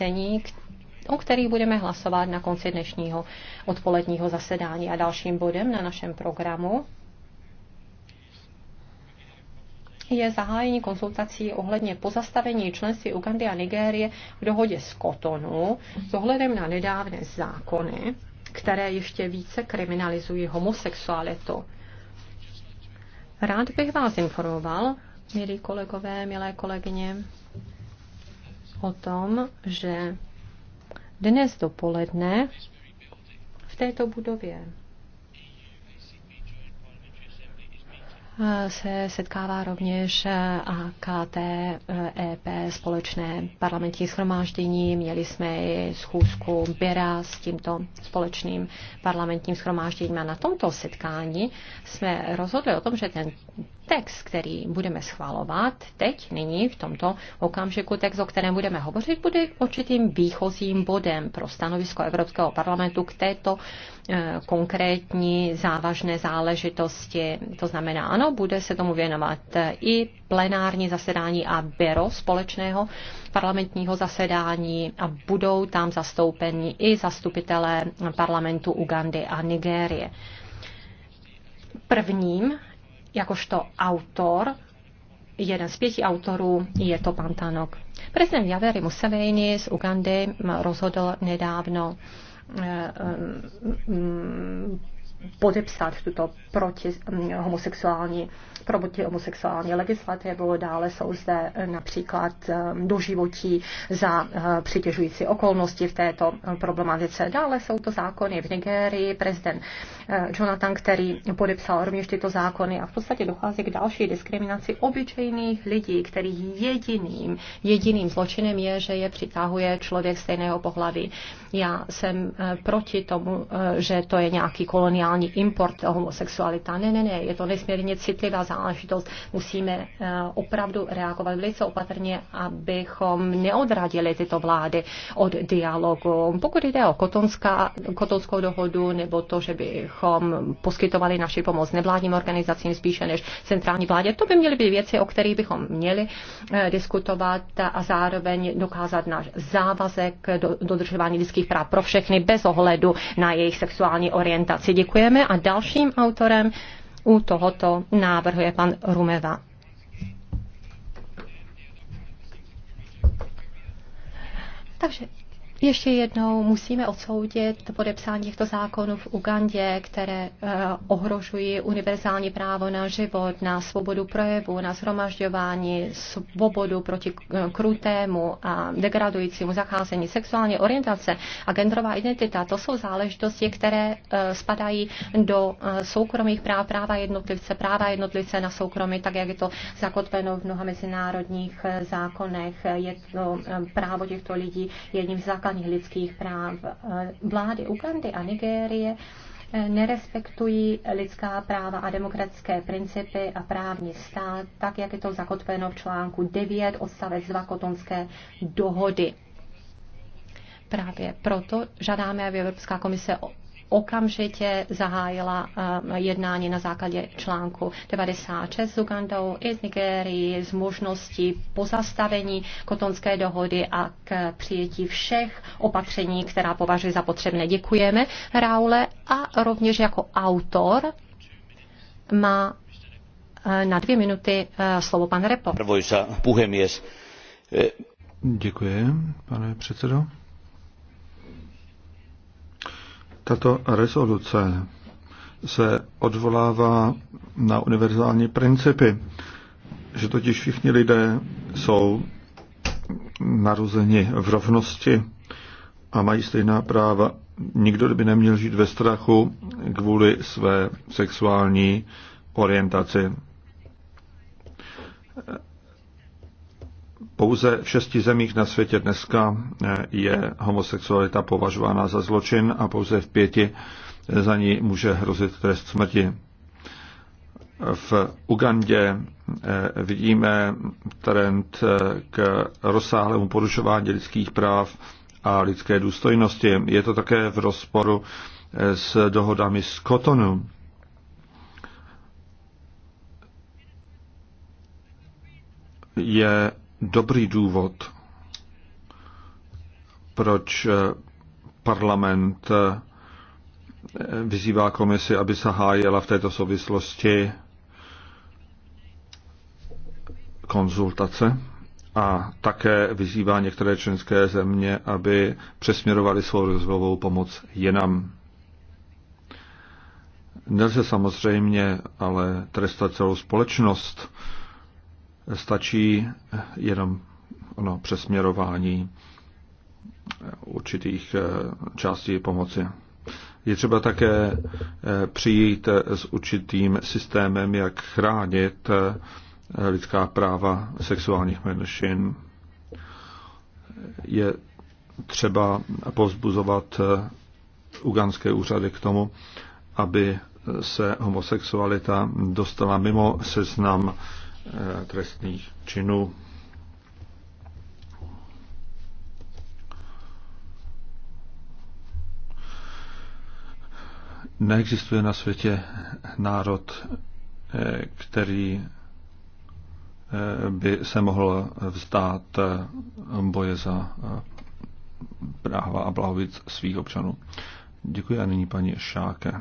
nařízení, o kterých budeme hlasovat na konci dnešního odpoledního zasedání. A dalším bodem na našem programu je zahájení konzultací ohledně pozastavení členství Ugandy a Nigérie v dohodě z Kotonu s ohledem na nedávné zákony, které ještě více kriminalizují homosexualitu. Rád bych vás informoval, milí kolegové, milé kolegyně, o tom, že dnes dopoledne v této budově se setkává rovněž AKT EP společné parlamentní schromáždění. Měli jsme i schůzku Běra s tímto společným parlamentním schromážděním a na tomto setkání jsme rozhodli o tom, že ten text, který budeme schvalovat teď, nyní, v tomto okamžiku, text, o kterém budeme hovořit, bude určitým výchozím bodem pro stanovisko Evropského parlamentu k této e, konkrétní závažné záležitosti. To znamená, ano, bude se tomu věnovat eh, i plenární zasedání a byro společného parlamentního zasedání a budou tam zastoupeni i zastupitelé parlamentu Ugandy a Nigérie. Prvním jakožto autor, jeden z pěti autorů je to pan Tanok. Prezident Javery Museveni z Ugandy rozhodl nedávno eh, eh, podepsat tuto proti mm, homosexuální, proti homosexuální legislativu. Dále jsou zde eh, například eh, doživotí za eh, přitěžující okolnosti v této problematice. Dále jsou to zákony v Nigérii. Prezident Jonathan, který podepsal rovněž tyto zákony a v podstatě dochází k další diskriminaci obyčejných lidí, kterých jediným, jediným zločinem je, že je přitahuje člověk stejného pohlaví. Já jsem proti tomu, že to je nějaký koloniální nelegální import eh, homosexualita. Ne, ne, ne, je to nesmírně citlivá záležitost. Musíme eh, opravdu reagovat velice opatrně, abychom neodradili tyto vlády od dialogu. Pokud jde o kotonská, kotonskou dohodu nebo to, že bychom poskytovali naši pomoc nevládním organizacím spíše než centrální vládě, to by měly být věci, o kterých bychom měli eh, diskutovat a zároveň dokázat náš závazek dodržování lidských práv pro všechny bez ohledu na jejich sexuální orientaci. Děkuji. Děkujeme a dalším autorem u tohoto návrhu je pan Rumeva. Takže ještě jednou musíme odsoudit podepsání těchto zákonů v Ugandě, které eh, ohrožují univerzální právo na život, na svobodu projevu, na zhromažďování, svobodu proti eh, krutému a degradujícímu zacházení, sexuální orientace a genderová identita. To jsou záležitosti, které eh, spadají do soukromých práv, práva jednotlivce, práva jednotlivce na soukromí, tak jak je to zakotveno v mnoha mezinárodních zákonech. Je to právo těchto lidí jedním z základních porušování lidských práv. Eh, Vlády Ugandy a Nigérie eh, nerespektují lidská práva a demokratické principy a právní stát, tak jak je to zakotveno v článku 9 odstavec 2 kotonské dohody. Právě proto žádáme, aby Evropská komise okamžitě zahájila eh, jednání na základě článku 96 s Ugandou i s Nigérií z možností pozastavení kotonské dohody a k přijetí všech opatření, která považuji za potřebné. Děkujeme, Raule, a rovněž jako autor má eh, na dvě minuty eh, slovo pan Repo. Děkuji, pane předsedo. Tato rezoluce se odvolává na univerzální principy, že totiž všichni lidé jsou narozeni v rovnosti a mají stejná práva. Nikdo by neměl žít ve strachu kvůli své sexuální orientaci. Pouze v šesti zemích na světě dneska eh, je homosexualita považována za zločin a pouze v pěti za ní může hrozit trest smrti. V Ugandě eh, vidíme trend eh, k rozsáhlému porušování lidských práv a lidské důstojnosti. Je to také v rozporu s dohodami z Kotonu. Je dobrý důvod, proč eh, parlament eh, vyzývá komisi, aby hájela v této souvislosti konzultace a také vyzývá některé členské země, aby přesměrovali svou rozvojovou pomoc jinam. Nelze samozřejmě ale trestat celou společnost Stačí jenom ono přesměrování určitých eh, částí pomoci. Je třeba také eh, přijít s určitým systémem, jak chránit eh, lidská práva sexuálních menšin. Je třeba povzbuzovat uganské úřady k tomu, aby se homosexualita dostala mimo seznam Eh, trestných činů. Neexistuje na světě národ, eh, který eh, by se mohl vzdát boje za práva a blahobyt svých občanů. Děkuji a nyní paní Šáke.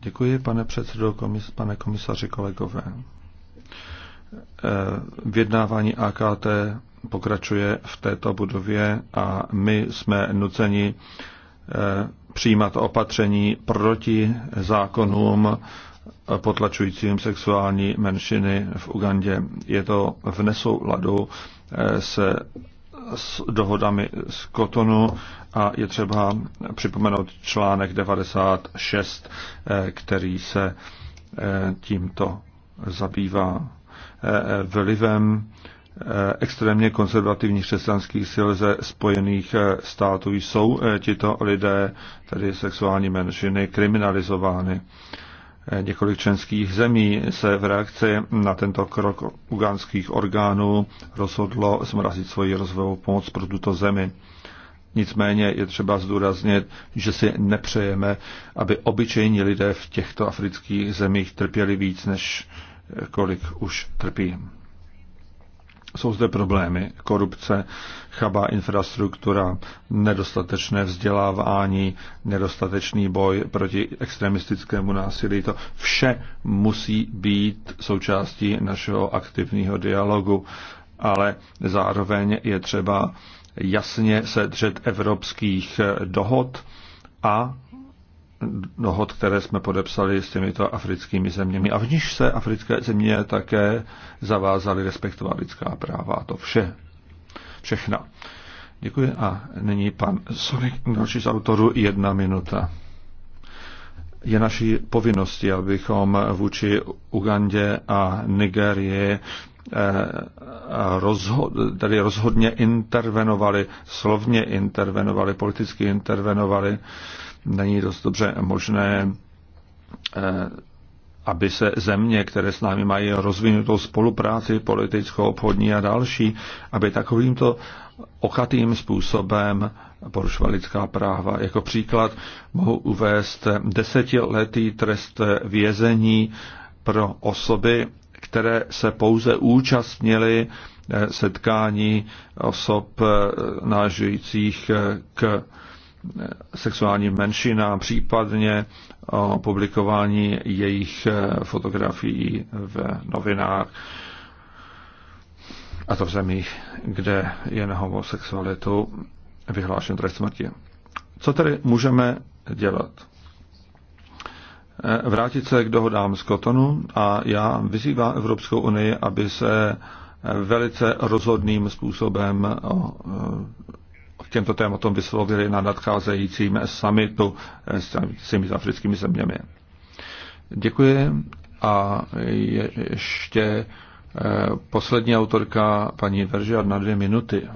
Děkuji, pane předsedo, komis, pane komisaři, kolegové. Eh, Vědnávání AKT pokračuje v této budově a my jsme nuceni eh, přijímat opatření proti zákonům potlačujícím sexuální menšiny v Ugandě. Je to v nesouladu eh, se s dohodami z Kotonu a je třeba připomenout článek 96, který se tímto zabývá. Eh, vlivem eh, extrémně konzervativních křesťanských sil ze Spojených eh, států jsou tito lidé, tedy sexuální menšiny, kriminalizovány. Několik členských zemí se v reakci na tento krok uganských orgánů rozhodlo zmrazit svoji rozvojovou pomoc pro tuto zemi. Nicméně je třeba zdůraznit, že si nepřejeme, aby obyčejní lidé v těchto afrických zemích trpěli víc než kolik už trpí. Jsou zde problémy korupce, chabá infrastruktura, nedostatečné vzdělávání, nedostatečný boj proti extremistickému násilí. To vše musí být součástí našeho aktivního dialogu, ale zároveň je třeba jasně se dřet evropských dohod a dohod, které jsme podepsali s těmito africkými zeměmi a v níž se africké země také zavázaly respektovat lidská práva. A to vše. Všechna. Děkuji. A nyní pan Sonik, další z autorů, jedna minuta. Je naší povinností, abychom vůči Ugandě a Nigerii eh, rozhod, tady rozhodně intervenovali, slovně intervenovali, politicky intervenovali není dost dobře možné, eh, aby se země, které s námi mají rozvinutou spolupráci politickou, obchodní a další, aby takovýmto okatým způsobem porušovat lidská práva. Jako příklad mohu uvést desetiletý trest vězení pro osoby, které se pouze účastnili eh, setkání osob eh, náležejících k sexuálním menšinám, případně o publikování jejich eh, fotografií v novinách a to v zemích, kde je na homosexualitu vyhlášen trest smrti. Co tedy můžeme dělat? Eh, vrátit se k dohodám z Kotonu a já vyzývám Evropskou unii, aby se velice rozhodným způsobem eh, k těmto tématům vyslovili na nadcházejícím summitu s těmi africkými zeměmi. Děkuji a ještě eh, poslední autorka paní Veržiar na dvě minuty.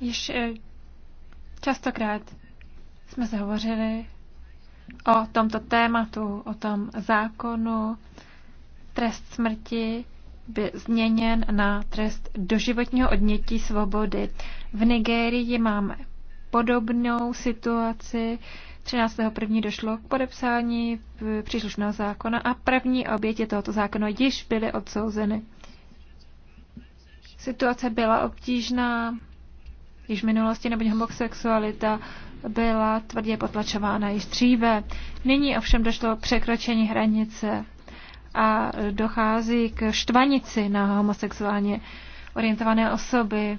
Již eh, častokrát jsme se hovořili o tomto tématu, o tom zákonu. Trest smrti by změněn na trest doživotního odnětí svobody. V Nigérii máme podobnou situaci. 13.1. došlo k podepsání příslušného zákona a první oběti tohoto zákona již byly odsouzeny. Situace byla obtížná, již v minulosti, nebo homosexualita byla tvrdě potlačována již dříve. Nyní ovšem došlo k překročení hranice a dochází k štvanici na homosexuálně orientované osoby.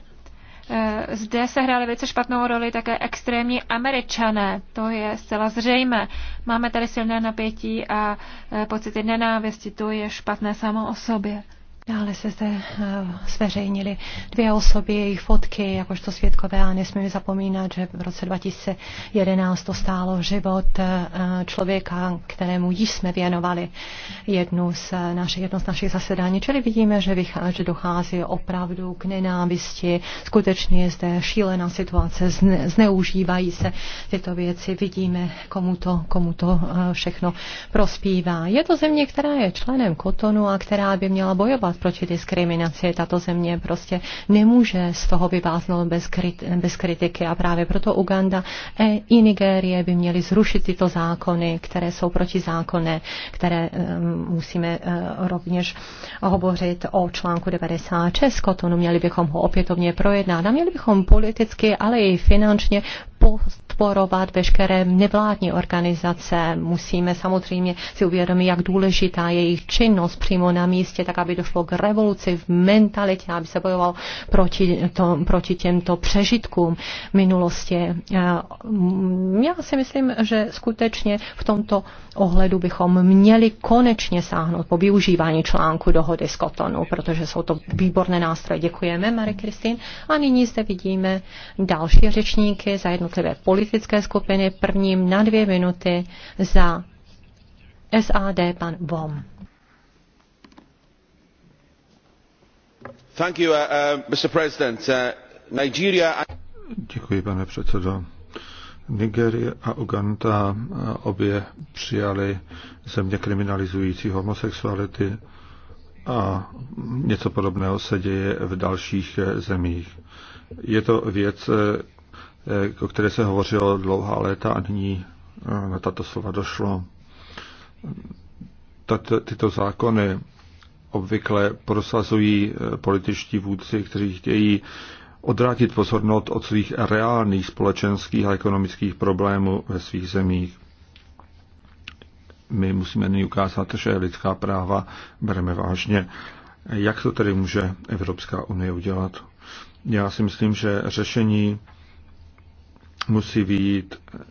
Eh, zde se hrály velice špatnou roli také extrémní američané. To je zcela zřejmé. Máme tady silné napětí a eh, pocity nenávisti. To je špatné samo o sobě. Dále se zde eh, zveřejnili dvě osoby, jejich fotky, jakožto svědkové a nesmíme zapomínat, že v roce 2011 to stálo život eh, člověka, kterému již jsme věnovali jednu z eh, našich, jedno z našich zasedání. Čili vidíme, že, vychází, že dochází opravdu k nenávisti, skutečně je zde šílená situace, zne, zneužívají se tyto věci, vidíme, komu to, komu to všechno prospívá. Je to země, která je členem Kotonu a která by měla bojovat bojovat proti diskriminaci. Tato země prostě nemůže z toho vyváznout bez, krit, bez kritiky a právě proto Uganda e, i Nigérie by měly zrušit tyto zákony, které jsou protizákonné, které e, musíme e, rovněž hovořit o článku 96 Kotonu. Měli bychom ho opětovně projednat a měli bychom politicky, ale i finančně podporovat veškeré nevládní organizace. Musíme samozřejmě si uvědomit, jak důležitá je jejich činnost přímo na místě, tak aby došlo k revoluci v mentalitě, aby se bojoval proti, to, proti těmto přežitkům minulosti. Eh, já si myslím, že skutečně v tomto ohledu bychom měli konečně sáhnout po využívání článku dohody z Kotonu, protože jsou to výborné nástroje. Děkujeme, Marie Kristin. A nyní zde vidíme další řečníky za jednu jednotlivé politické skupiny. Prvním na dvě minuty za SAD pan Vom. You, uh, uh, uh Nigeria... Děkuji, pane předsedo. Nigerie a Uganda uh, obě přijali země kriminalizující homosexuality a něco podobného se děje v dalších uh, zemích. Je to věc, Eh, o které se hovořilo dlouhá léta a nyní eh, na tato slova došlo. Tato, tyto zákony obvykle prosazují eh, političtí vůdci, kteří chtějí odrátit pozornost od svých reálných společenských a ekonomických problémů ve svých zemích. My musíme nyní ukázat, že lidská práva bereme vážně. Jak to tedy může Evropská unie udělat? Já si myslím, že řešení musí výjít eh,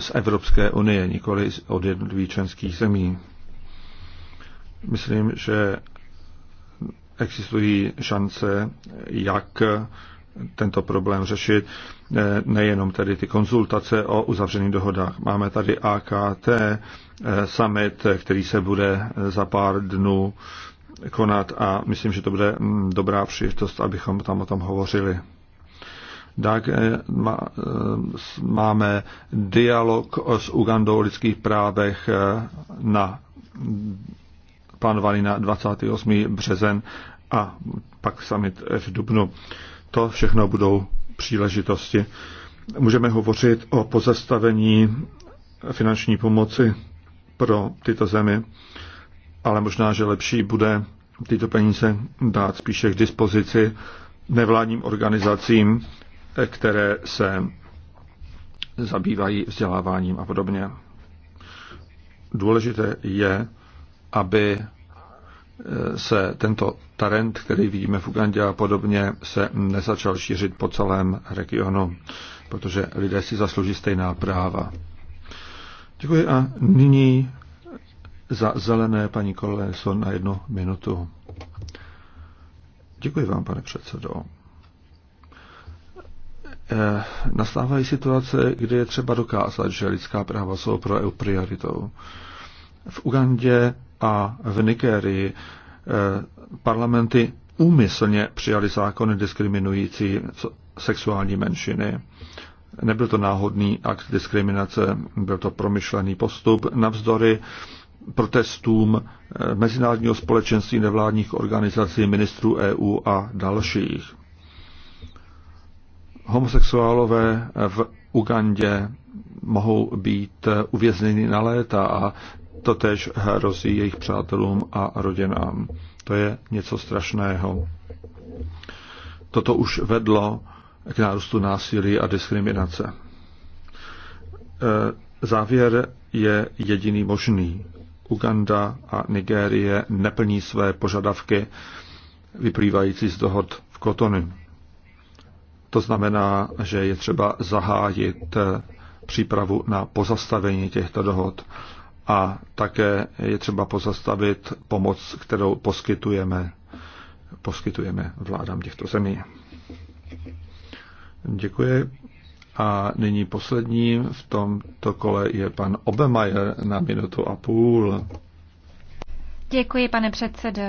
z Evropské unie, nikoli od jednotlivých členských zemí. Myslím, že existují šance, jak tento problém řešit, eh, nejenom tedy ty konzultace o uzavřených dohodách. Máme tady AKT eh, summit, který se bude za pár dnů konat a myslím, že to bude mm, dobrá příležitost, abychom tam o tom hovořili tak eh, eh, máme dialog s Ugandou o lidských právech eh, na plánovaný na 28. březen a pak summit v Dubnu. To všechno budou příležitosti. Můžeme hovořit o pozastavení finanční pomoci pro tyto zemi, ale možná, že lepší bude tyto peníze dát spíše k dispozici nevládním organizacím, které se zabývají vzděláváním a podobně. Důležité je, aby e, se tento talent, který vidíme v Ugandě a podobně, se nezačal šířit po celém regionu, protože lidé si zaslouží stejná práva. Děkuji a nyní za zelené paní Koleson na jednu minutu. Děkuji vám, pane předsedo. Eh, nastávají situace, kdy je třeba dokázat, že lidská práva jsou pro EU prioritou. V Ugandě a v Nigerii eh, parlamenty úmyslně přijali zákony diskriminující sexuální menšiny. Nebyl to náhodný akt diskriminace, byl to promyšlený postup navzdory protestům eh, mezinárodního společenství nevládních organizací ministrů EU a dalších homosexuálové v Ugandě mohou být uvězněni na léta a to tež hrozí jejich přátelům a rodinám. To je něco strašného. Toto už vedlo k nárůstu násilí a diskriminace. E, závěr je jediný možný. Uganda a Nigérie neplní své požadavky vyplývající z dohod v Kotonu. To znamená, že je třeba zahájit eh, přípravu na pozastavení těchto dohod a také je třeba pozastavit pomoc, kterou poskytujeme, poskytujeme vládám těchto zemí. Děkuji. A nyní poslední v tomto kole je pan Obemajer na minutu a půl. Děkuji, pane předsedo.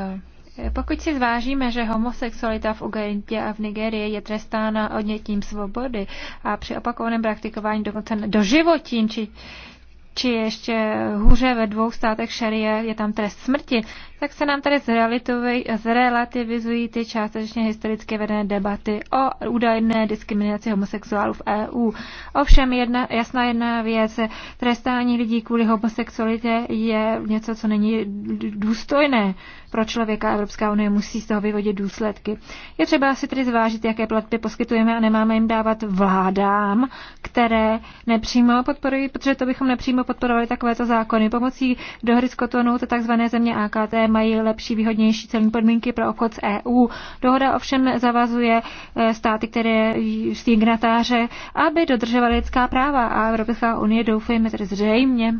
Pokud si zvážíme, že homosexualita v Ugandě a v Nigerii je trestána odnětím svobody a při opakovaném praktikování dokonce do životím, či či ještě hůře ve dvou státech šerie je tam trest smrti, tak se nám tady zrelativizují ty částečně historicky vedené debaty o údajné diskriminaci homosexuálů v EU. Ovšem jedna, jasná jedna věc, trestání lidí kvůli homosexualitě je něco, co není důstojné pro člověka. Evropská unie musí z toho vyvodit důsledky. Je třeba si tedy zvážit, jaké platby poskytujeme a nemáme jim dávat vládám, které nepřímo podporují, protože to bychom nepřímo podporovali takovéto zákony. Pomocí dohry z kotonu, to tzv. země AKT, mají lepší, výhodnější celní podmínky pro obchod s EU. Dohoda ovšem zavazuje eh, státy, které signatáře, aby dodržovaly lidská práva a Evropská unie, doufejme tedy zřejmě,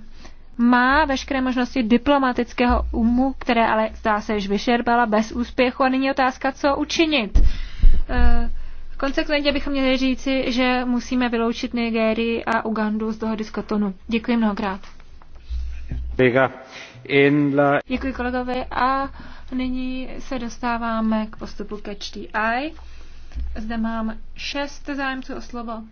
má veškeré možnosti diplomatického umu, které ale zdá se, již vyšerbala bez úspěchu a není otázka, co učinit. Eh, konsekventně bychom měli říci, že musíme vyloučit Nigérii a Ugandu z dohody diskotonu. Děkuji mnohokrát. La... Děkuji kolegovi a nyní se dostáváme k postupu ke HDI. Zde mám šest zájemců o slovo.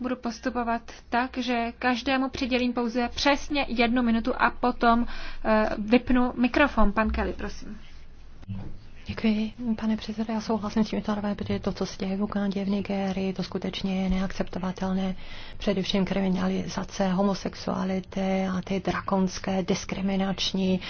Budu postupovat tak, že každému přidělím pouze přesně jednu minutu a potom eh, vypnu mikrofon. Pan Kelly, prosím. Děkuji, pane předsedo. Já souhlasím s tím, že to, co se děje v Ugandě, v Nigérii, to skutečně je neakceptovatelné. Především kriminalizace homosexuality a ty drakonské diskriminační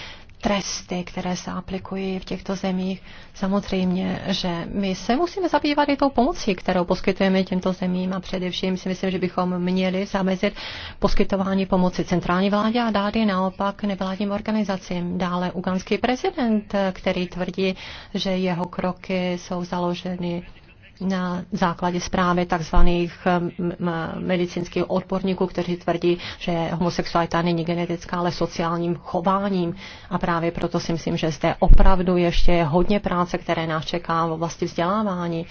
tresty, které se aplikují v těchto zemích. Samozřejmě, že my se musíme zabývat i tou pomocí, kterou poskytujeme těmto zemím a především si myslím, že bychom měli zamezit poskytování pomoci centrální vládě a dát ji naopak nevládním organizacím. Dále uganský prezident, který tvrdí, že jeho kroky jsou založeny na základě zprávy tzv. Eh, medicínských odborníků, kteří tvrdí, že homosexualita není genetická, ale sociálním chováním. A právě proto si myslím, že zde opravdu ještě je hodně práce, které nás čeká v oblasti vzdělávání.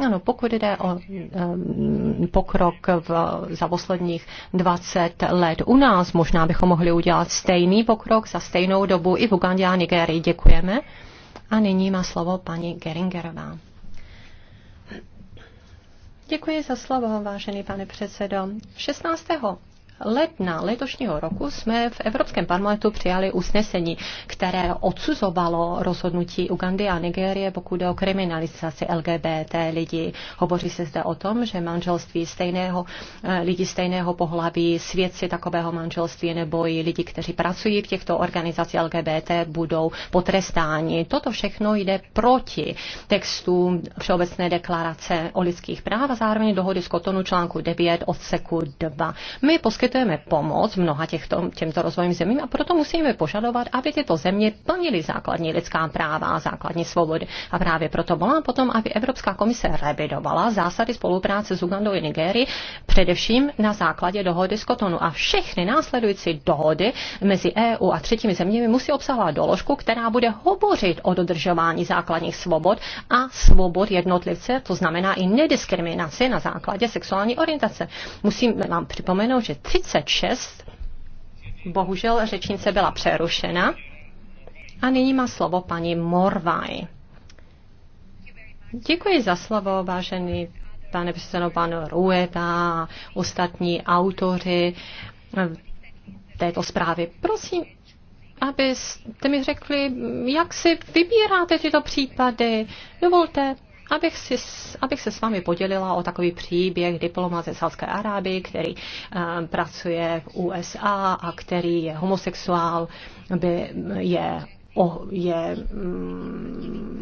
Ano, pokud jde o um, pokrok v, za posledních 20 let u nás, možná bychom mohli udělat stejný pokrok za stejnou dobu i v Ugandě a Nigerii. Děkujeme. A nyní má slovo paní Geringerová. Děkuji za slovo, vážený pane předsedo. 16 ledna letošního roku jsme v Evropském parlamentu přijali usnesení, které odsuzovalo rozhodnutí Ugandy a Nigérie, pokud jde o kriminalizaci LGBT lidí. Hovoří se zde o tom, že manželství stejného, eh, lidi stejného pohlaví, svědci takového manželství nebo i lidi, kteří pracují v těchto organizacích LGBT, budou potrestáni. Toto všechno jde proti textu Všeobecné deklarace o lidských práv a zároveň dohody z Kotonu článku 9 odseku 2. My poskytujeme pomoc mnoha těchto, těmto rozvojovým zemím a proto musíme požadovat, aby tyto země plnily základní lidská práva a základní svobody. A právě proto volám potom, aby Evropská komise revidovala zásady spolupráce s Ugandou i Nigérií, především na základě dohody z Kotonu. A všechny následující dohody mezi EU a třetími zeměmi musí obsahovat doložku, která bude hovořit o dodržování základních svobod a svobod jednotlivce, to znamená i nediskriminaci na základě sexuální orientace. Musím vám připomenout, že tři 36. Bohužel řečnice byla přerušena. A nyní má slovo paní Morvaj. Děkuji za slovo, vážený pane předsedo, pan Rueda, ostatní autoři této zprávy. Prosím, abyste mi řekli, jak si vybíráte tyto případy. Dovolte, abych, si, abych se s vámi podělila o takový příběh diploma ze Saudské Arábie, který um, pracuje v USA a který je homosexuál, by, je je, mm,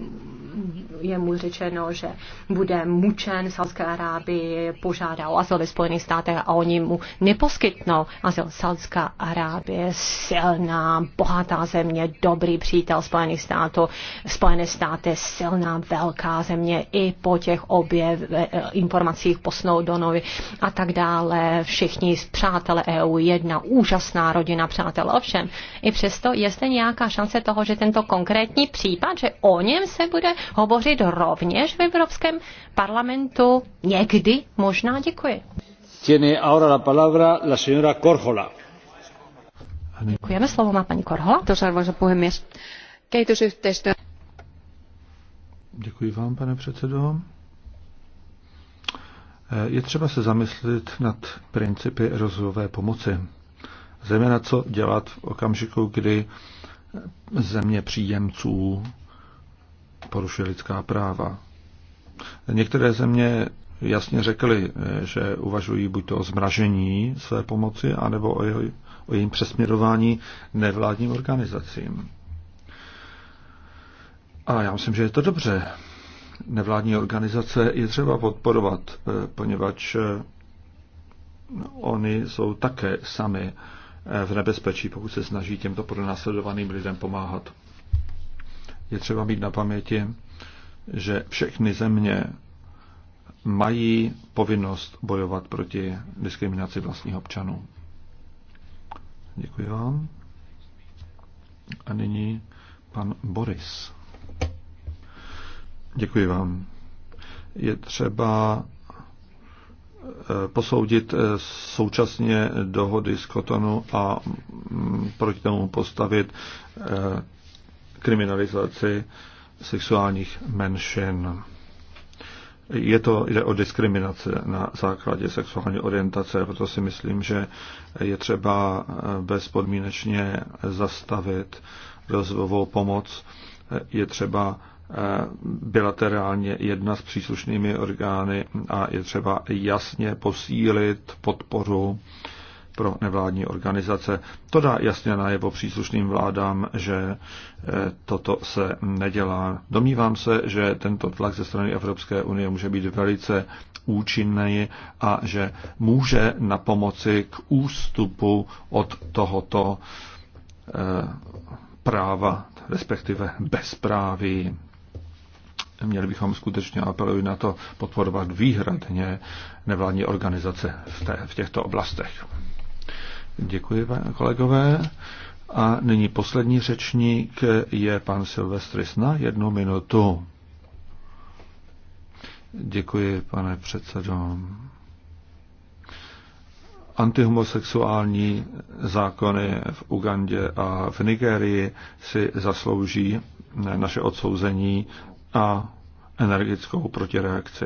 je mu řečeno, že bude mučen v Saudské Arábii, požádá o azyl ve Spojených státech a oni mu neposkytnou azyl. Saudská Arábie silná, bohatá země, dobrý přítel Spojených států, Spojené státy silná, velká země i po těch obě e, e, informacích po Snowdonovi a tak dále. Všichni z přátelé EU, jedna úžasná rodina přátel. Ovšem, i přesto je zde nějaká šance toho, hovořit tento konkrétní případ, že o něm se bude hovořit rovněž v Evropském parlamentu někdy možná? Děkuji. Tiene ahora la palabra la señora Corjola. Děkujeme, slovo má paní Korhola. Arvoisa puhemies. Kehitysyhteistyö. Děkuji vám, pane předsedo. Je třeba se zamyslit nad principy rozvojové pomoci. Zejména co dělat v okamžiku, kdy země příjemců porušuje lidská práva. Některé země jasně řekly, že uvažují buď to o zmražení své pomoci, anebo o, jeho, o jejím přesměrování nevládním organizacím. A já myslím, že je to dobře. Nevládní organizace je třeba podporovat, eh, poněvadž eh, oni jsou také sami v nebezpečí, pokud se snaží těmto pronásledovaným lidem pomáhat. Je třeba mít na paměti, že všechny země mají povinnost bojovat proti diskriminaci vlastních občanů. Děkuji vám. A nyní pan Boris. Děkuji vám. Je třeba Eh, posoudit eh, současně dohody z Kotonu a mm, proti tomu postavit eh, kriminalizaci sexuálních menšin. Je to, jde o diskriminaci na základě sexuální orientace, proto si myslím, že je třeba bezpodmínečně zastavit rozvojovou pomoc. Je třeba Eh, bilaterálně jedna s příslušnými orgány a je třeba jasně posílit podporu pro nevládní organizace. To dá jasně najevo příslušným vládám, že eh, toto se nedělá. Domnívám se, že tento tlak ze strany Evropské unie může být velice účinný a že může na pomoci k ústupu od tohoto eh, práva, respektive bezpráví. Měli bychom skutečně apelovat na to podporovat výhradně nevládní organizace v, té, v těchto oblastech. Děkuji, kolegové. A nyní poslední řečník je pan Silvestris na jednu minutu. Děkuji, pane předsedo. Antihomosexuální zákony v Ugandě a v Nigerii si zaslouží naše odsouzení a energickou protireakci.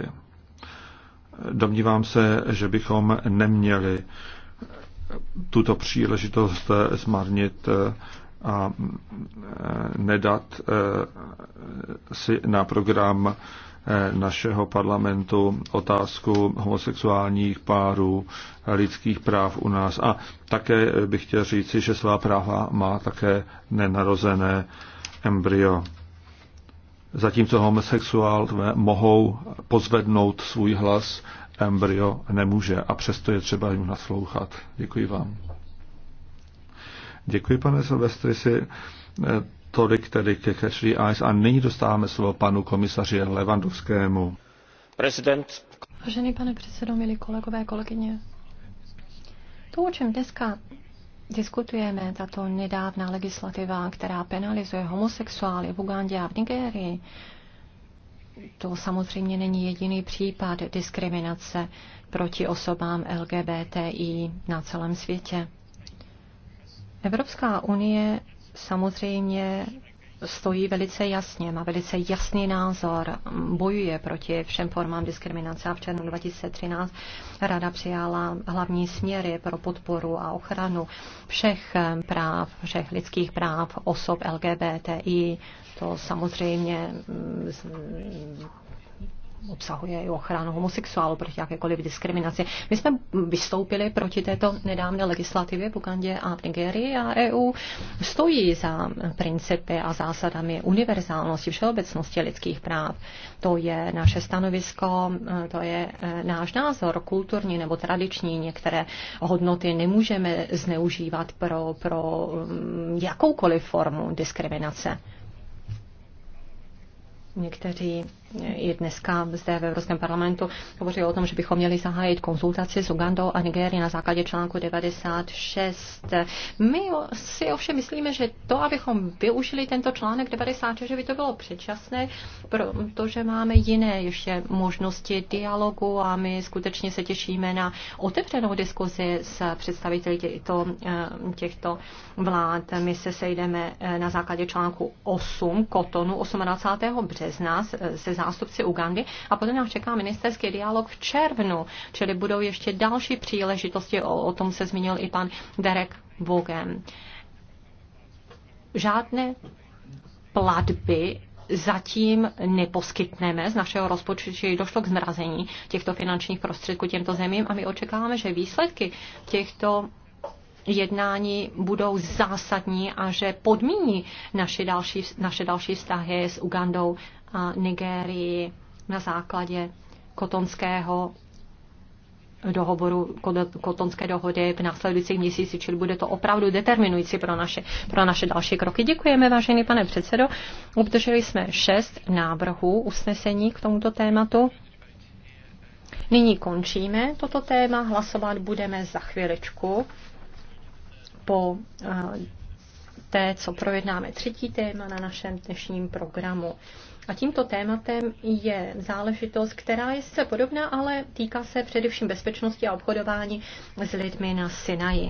Domnívám se, že bychom neměli tuto příležitost zmarnit a nedat si na program našeho parlamentu otázku homosexuálních párů, lidských práv u nás. A také bych chtěl říci, že svá práva má také nenarozené embryo. Zatímco homosexuál mohou pozvednout svůj hlas, embryo nemůže a přesto je třeba jim naslouchat. Děkuji vám. Děkuji, pane Silvestri, si Tolik tedy ke Cashly Eyes a nyní dostáváme slovo panu komisaři Levandovskému. Prezident. Vážený pane předsedo, milí kolegové, kolegyně. To, o čem dneska diskutujeme, tato nedávná legislativa, která penalizuje homosexuály v Ugandě a v Nigérii, to samozřejmě není jediný případ diskriminace proti osobám LGBTI na celém světě. Evropská unie samozřejmě stojí velice jasně, má velice jasný názor, bojuje proti všem formám diskriminace a v červnu 2013 Rada přijala hlavní směry pro podporu a ochranu všech práv, všech lidských práv osob LGBTI. To samozřejmě mm, obsahuje i ochranu homosexuálu proti jakékoliv diskriminaci. My jsme vystoupili proti této nedávné legislativě v Ugandě a v Nigerii a EU stojí za principy a zásadami univerzálnosti, všeobecnosti lidských práv. To je naše stanovisko, to je eh, náš názor, kulturní nebo tradiční. Některé hodnoty nemůžeme zneužívat pro, pro mm, jakoukoliv formu diskriminace. Někteří i dneska zde v Evropském parlamentu hovořil o tom, že bychom měli zahájit konzultaci s Ugandou a Nigérií na základě článku 96. My si ovšem myslíme, že to, abychom využili tento článek 96, že by to bylo předčasné, protože máme jiné ještě možnosti dialogu a my skutečně se těšíme na otevřenou diskuzi s představiteli těchto, eh, těchto vlád. My se sejdeme eh, na základě článku 8 Kotonu 28. března se zástupci Ugandy a potom nás čeká ministerský dialog v červnu, čili budou ještě další příležitosti, o, o tom se zmínil i pan Derek Bogem. Žádné platby zatím neposkytneme z našeho rozpočtu, či došlo k zmrazení těchto finančních prostředků těmto zemím a my očekáváme, že výsledky těchto jednání budou zásadní a že podmíní naše další, naše další vztahy s Ugandou a Nigérii na základě kotonského dohovoru kotonské dohody v následujících měsíci, čili bude to opravdu determinující pro naše, pro naše další kroky. Děkujeme, vážený pane předsedo. Obdrželi jsme šest návrhů usnesení k tomuto tématu. Nyní končíme toto téma, hlasovat budeme za chvíličku po eh, té, co projednáme třetí téma na našem dnešním programu. A tímto tématem je záležitost, která je se podobná, ale týká se především bezpečnosti a obchodování s lidmi na Sinaji.